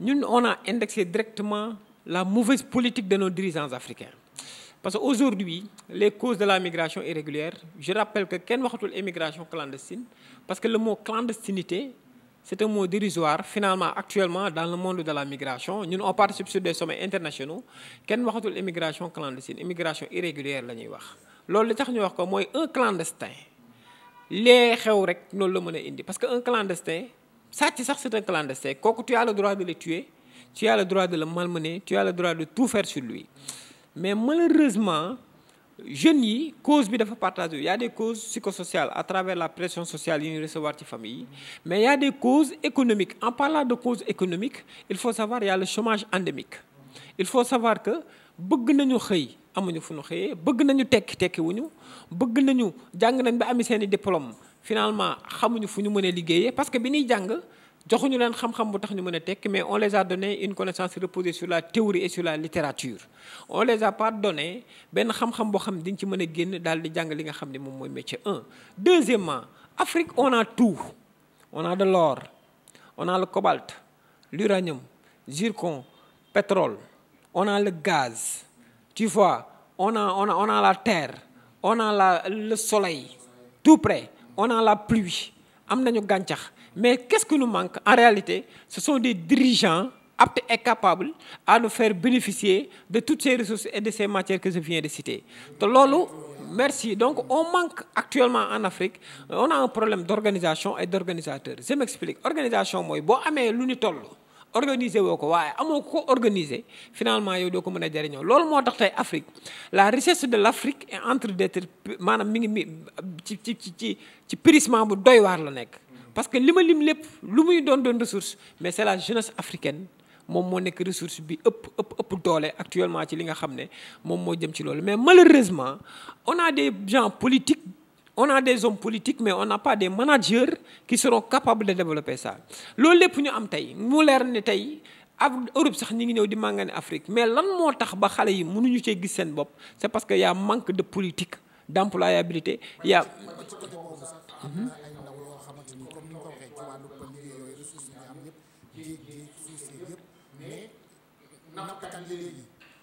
ñun on a indexé directement la mauvaise politique de nos dirigeants africains parce que aujourd'hui les causes de la migration irrégulière je rappelle que kenn waxatul immigration clandestine parce que le mot clandestinité c'est un mot dérisoire finalement actuellement dans le monde de la migration ñun on participe sur des sommets internationaux kenn waxatul immigration clandestine immigration irrégulière la ñuy wax loolu li tax ñu wax ko mooy un clandestin lee xew rek loolu la mën a indi parce que un clandestin sàcc sax c'est un clandestin kooku tu as le droit de le tuer tu as le droit de le malmener tu as le droit de tout faire sur lui mais malheureusement jeunes yi cause bi dafa partagé y a des causes psychosociales à travers la pression sociale yi ñuy recevoir ci famille yi mais y a des causes en parlant de causes économiques il faut savoir y a endémique il faut savoir que bëgg nañu xëy amuñu fu ñu xëyee bëgg nañu tekki tekki wuñu bëgg nañu jàng nañ ami seen i diplôme finalement xamuñu fu ñu mën a liggéeyee parce que bi ñuy jàng joxuñu leen xam-xam bu tax ñu mën a tekki mais on les a donné une connaissance reposée sur la théorie et sur la littérature on les a pas donné benn xam boo xam ne dañ ci mën a génn daal di jàng li nga xam ne moom mooy métier un deuxièmement Afrique on a tout on de l'or on le cobalt l'uranium zircon pétrole on a le gaz tu vois on a on a la terre on la le soleil tout près on a la pluie am nañu gàncax mais qu'est-ce qui nous manque en réalité ce sont des dirigeants aptes et capables à nous faire bénéficier de toutes ces ressources et de ces matières que je viens de citer te loolu merci donc on manque actuellement en Afrique on a un problème d'organisation et d'organisateur je m'explique organisation mooy boo amee lu ñu toll organisé woo ko waaye amoo ko organisé finalement yow doo ko mën a jëriñoo loolu moo tax tey Afrique la richesse de l' Afrique est entre d'être maanaam mi ngi mi ci ci ci ci périssement bu doy waar la nekk. parce que li ma lim lépp lu muy doon doon ressource mais c' la jeunesse africaine. moom moo nekk ressource bi ëpp ëpp ëpp doole actuellement ci li nga xam ne moom moo jëm ci loolu mais malheureusement on a des gens politiques on a des hommes politiques mais on n'a pas des managers qui seront capable de développer ça loolu lépp ñu am tey mu leer ne tey ab Europe sax ñi ngi ñëw di màngane Afrique mais lan moo tax ba xale yi mënuñu cee gis seen bopp c'est parce que y manque de politique d'employabilité y a mm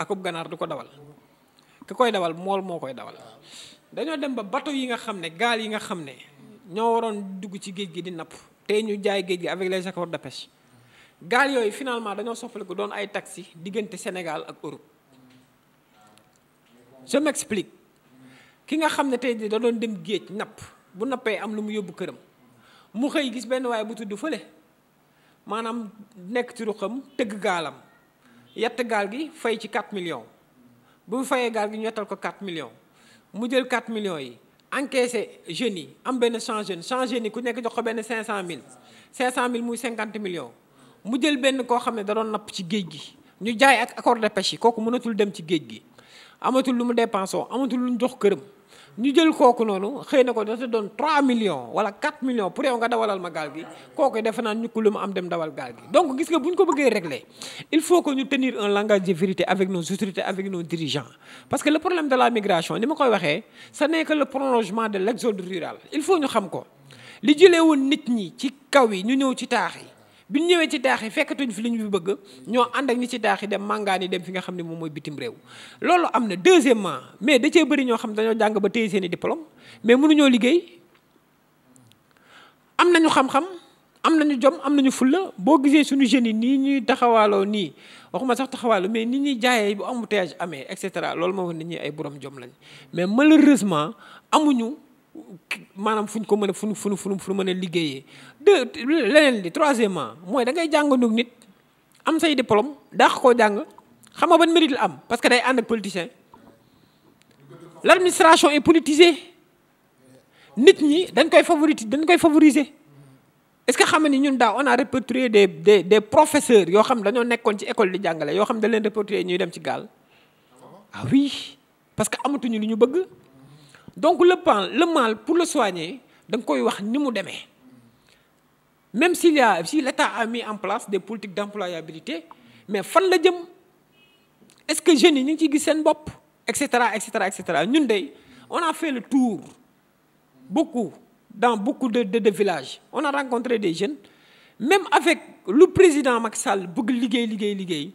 akub ganaar du ko dawal ki koy dawal mool moo koy dawal dañoo dem ba bateau yi nga xam ne gaal yi nga xam ne ñoo waroon dugg ci géej gi di napp tey ñu jaay géej gi avec les accords de pêche gaal yooyu finalement dañoo soppaliku doon ay taxi diggante Sénégal ak Europe je m'explique ki nga xam ne tey jii da doon dem géej napp bu nappee am lu mu yóbbu këram mu xëy gis benn waaye bu tudd fële maanaam nekk ci ruxam tëgg gaalam yett gaal gi fay ci 4 millions bu fayee gaal gi ñu yettal ko 4 millions mu jël 4 millions yi encaissé jeunes yi am benn 100 jeunes 100 jeunes ku nekk jox ko benn cinq cent 500000 muy 50 millions mu jël benn koo xam ne da doon napp ci géej gi ñu jaay ak accord de pêche yi kooku mënatul dem ci géej gi amatul lu mu dépensé amatul lu mu jox këram. ñu jël kooku noonu xëy na ko dafa doon 3 millions wala 4 millions pour yow nga dawalal ma gaal gi kooku defe naa ñu ko lu mu am dem dawal gaal gi donc gis nga bu ñu ko bëggee régler il faut que ñu tenir un langage de vérité avec nos autorités avec nos dirigeants parce que le problème de la migration ni ma koy waxee ce nekk que le prolongement de l'exode rural il faut ñu xam ko li jëlee woon nit ñi ci kaw yi ñu ñëw ci taax yi bi ñu ñëwee ci taax yi fekkatuñu fi li ñu fi bëgg ñoo ànd ak ñi ci daax yi dem màngaani dem fi nga xam ne moom mooy bitim réew loolu am na deuxièmement mais da cee bëri ñoo xam dañoo jàng ba téye seen i diplôme mais mënuñoo liggéey am nañu xam-xam am nañu jom am nañu fulla boo gisee suñu jeunes yi nii ñuy taxawaaloo nii waxuma sax taxawaaloo mais ni ñuy jaayee bu embouteillage amee et cetera loolu moo wax nit ñi ay borom jom lañ mais malheureusement amuñu. maanaam fu ñu ko mën a fu funu fu ñu fu mën a liggéeyee. deux leneen li troisièmement mooy da ngay jàngandoo nit am say diplôme daax koo jàng xam nga ban mérite la am parce que day ànd ak politicien l' administration est politisée nit ñi dañ koy favoriser dañ koy favoriser. est-ce que xam ni ñun daaw on a répertorié des des des professeurs yoo xam dañoo nekkoon ci école di jàngale yoo xam dañ leen répertorié ñuy dem ci gaal ah oui parce que amatuñu lu ñu bëgg. donc le mal le mal pour le soigner da nga koy wax ni mu demee même s'il y a si l'État a en place des politiques d'employabilité mais fan la jëm est-ce que jeunes yi ñu ngi ciy gis seen bopp et cetera et cetera et cetera ñun dey ona a le tour beaucoup dans beaucoup de de, de village on a rencontré des jeunes même avec lu président Macky Sall bëgg liggéey liggéey liggéey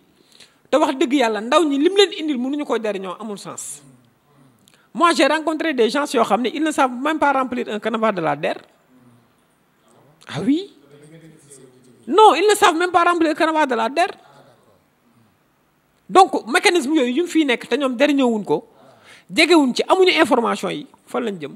te wax dëgg yàlla ndaw ñi lim leen indil mënuñu ko jariñoo amul sens moi j'ai rencontré des gens yoo xam ne ils na savent même pas remplir un canevas la DER ah oui non ils ne de la DER donc mécanisme yooyu yu mu fii nekk te ñoom derñëwuñ ko jegewuñ ci amuñu information yi fan lañu jëm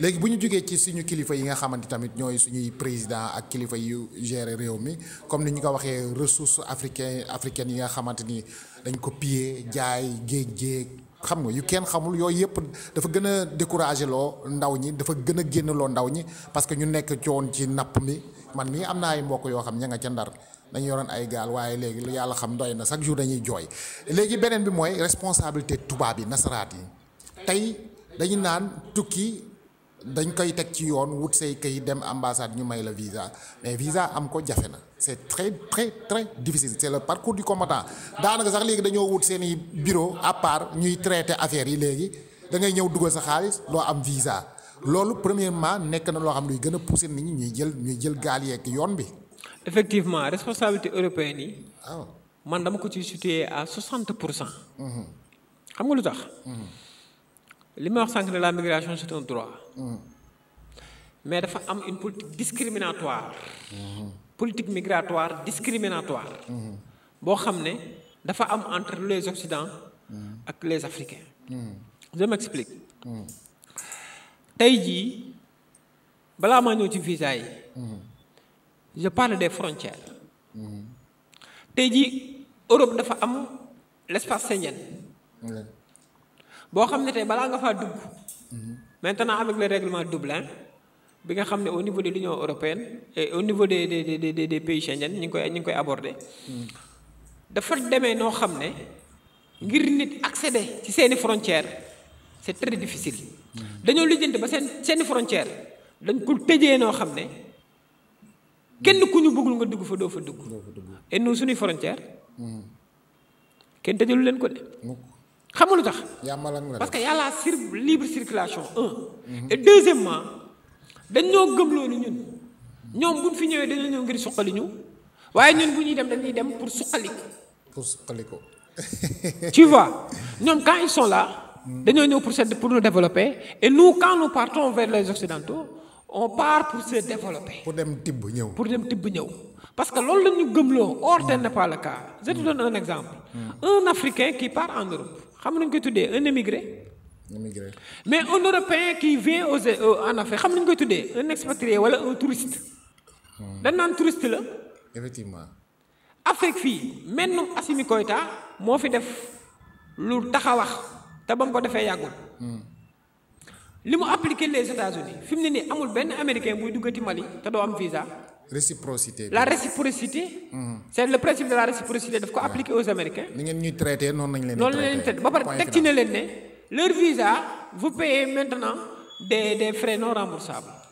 léegi bu ñu jógee ci suñu kilifa yi nga xamante tamit ñooy suñuy président ak kilifa yu gérer réew mi comme ni ñu ko waxee ressources africaines africaines yi nga xamante ni dañ ko piller jaay géej géej xam nga yu kenn xamul yooyu yëpp dafa gën a découragé loo ndaw ñi dafa gën a génn loo ndaw ñi parce que ñu nekk coon ci napp mi man mii am naa ay mbokk yoo xam ña nga ca ndar dañu yoroon ay gaal waaye léegi lu yàlla xam doy na chaque jour dañuy jooy léegi beneen bi mooy responsabilité tubaab yi nasaraat yi tey dañu naan tukki dañ koy teg ci yoon wut say këyit dem ambassade ñu may la visa mais visa am ko jafe na c'est très très très difficile c'est le parcours du combattant daanaka sax léegi dañoo wut seen i bureau à part ñuy traiter affaires yi léegi dangay ñëw dugal sa xaalis loo am visa loolu premièrement nekk na loo xam luy gën a pousser nit ñi ñuy jël ñuy jël gaal yeeg yoon bi. effectivement responsabilité européenne yi. Ah. man dama ko ci situé à 60 pour cent. Mhm. xam nga lu tax. Mhm. li ma wax sànq ne la migration c'est un droit mais dafa am une politique discriminatoire politique migratoire discriminatoire boo xam ne dafa am entre les Occidents ak les Africains je m'explique tey jii balaa maa ñëw ci visa yi je parle des frontières tey ji Europe dafa am l'espace Schengen boo xam ne tey balaa nga faa dugg maintenant avec le règlement Dublin bi nga xam ne au niveau de l'Union européenne et au niveau des des des des pays Schengen ñu ngi koy ñu ngi koy aborder dafa demee noo xam ne ngir nit accéder ci seeni frontières c'est très difficile dañoo lijjanti ba seen seeni frontières dañ ko tëjee noo xam ne kenn ku ñu buggul nga dugg fa doo fa dugg et nous suñuy frontières kenn tëjalu leen ko de xamulu nga lu tax parce que yàlla sur libre circulation un et deuxièmement dañ ñoo gëm loolu ñun ñoom buñ fi ñëwee dañoo ñëw ngir suqali ñu waaye ñun bu ñuy dem dañuy dem pour suqali ko pour suqali ko tu vois ñoom quand ils sont là dañoo ñëw pour se pour nous développer et nous quand nous partons vers les occidentaux on part pour se développer. pour dem tibb ñëw pour dem tibb ñëw parce que loolu la ñu loo or tel n'est pas le cas un exemple mm. un Africain qui part en Europe xam nañ koy tuddee un émigré. émigré mais un européen qui vient aux e- euh, en Afrique xam nañ koy tuddee un expatrié wala un touriste. Hmm. dañ naan touriste la. effectivement. Afrique fii menn Assimi Goïta moo fi def lu tax a wax te ba mu ko defee yàggul. Hmm. li mu appliqué les États-Unis fi mu ne nii amul benn américain buy duggati Mali te doo am visa. réciprocité la réciprocité. c'est le principe de la réciprocité daf ko appliquer aux Américains. ni ngeen ñuy traité noon lañ leen noonu leen traité ba pare teg ne leen ne leur visa vous payez maintenant des des frais non remboursables.